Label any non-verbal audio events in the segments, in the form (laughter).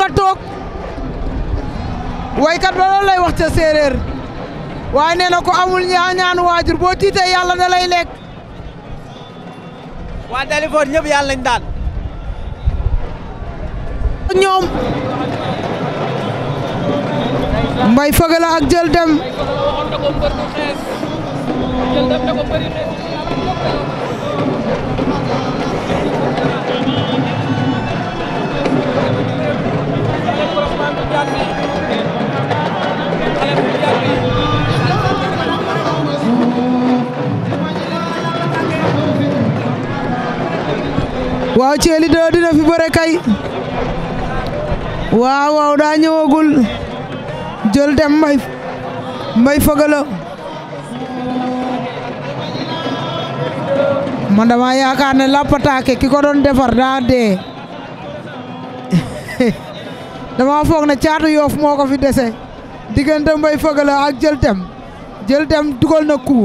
nga toog waykat ba loolu lay wax ca séeréer waaye nee na ko amul ñaañaanu waajur boo tiitee yàlla da lay lekk waa Dalifort yàlla lañ daan ñoom mbay fëgala ak jël dem waaw Thiely 2 dina fi bëre kay waaw waaw daa ñëwagul jël dem mbay mbay fëgala man dama yaakaar ne lappataake ki ko doon defar daa dee (laughs) dama foog ne caatu yoof moo ko fi dese diggante mbay fëgala ak jël dem jël dem dugal na ku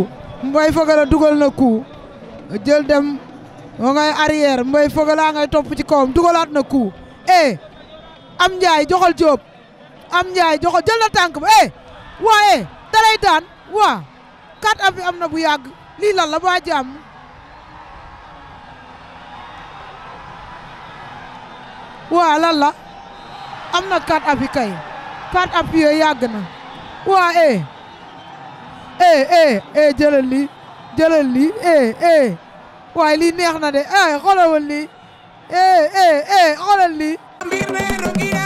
mbay fëgala dugal na ku jël dem moo ngay arrière Mbaye Feugeula ngay topp ci kawam dugalaat na coup eh am Ndiaye joxal Diop am Ndiaye joxal jël na tànk ba eh waa eh dalay daan waa kat am bi am na bu yàgg lii lan la ba jàmm waa lan am na kat api kay kat api yàgg na waa eh eh eh eh jëlal lii jëlal lii eh, eh. waaye lii neex na de eh xoolal lii eh eh eh